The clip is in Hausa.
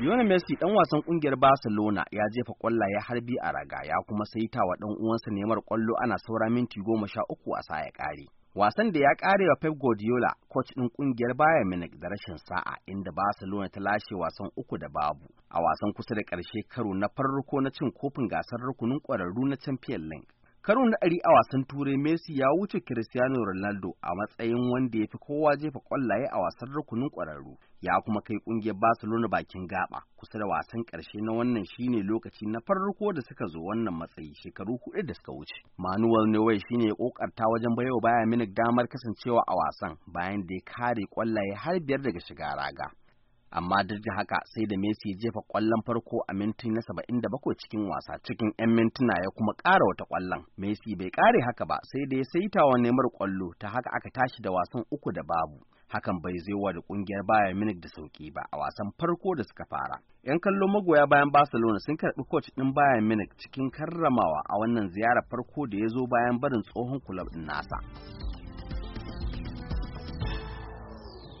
Lionel Messi dan wasan kungiyar Barcelona ya jefa kwallaye har a raga ya kuma saita wa dan uwansa Neymar kwallo ana saura minti goma sha uku a sa ya kare. Wasan da ya kare wa Pep Guardiola, coach din kungiyar Bayern Munich da rashin sa'a inda Barcelona ta lashe wasan uku da babu. A wasan kusa da ƙarshe karo na farko na cin kofin gasar rukunin kwararru na Champions League. Karo na ɗari a wasan Turai Messi ya wuce Cristiano Ronaldo a matsayin wanda ya fi kowa jefa ƙwallaye a wasan rukunin ƙwararru, ya kuma kai ƙungiyar Barcelona bakin gaba. Kusa da wasan ƙarshe na wannan shine lokaci na farko da suka zo wannan matsayi shekaru huɗu da suka wuce. Manuel Neuer shine ya ƙoƙarta wajen wa baya Munich damar kasancewa a wasan bayan da ya kare ƙwallaye har biyar daga shiga raga. amma duk da haka sai da Messi ya jefa kwallon farko a minti na bakwai cikin wasa cikin 'yan mintuna ya kuma ƙara wata kwallon. Messi bai ƙare haka ba sai da ya saitawa nemar Neymar ƙwallo ta haka aka tashi da wasan uku da babu. Hakan bai zai wa da ƙungiyar Bayern Munich da sauƙi ba a wasan farko da suka fara. 'Yan kallo magoya bayan Barcelona sun karɓi coach ɗin Bayern Munich cikin karramawa a wannan ziyarar farko da ya zo bayan barin tsohon kulab ɗin nasa.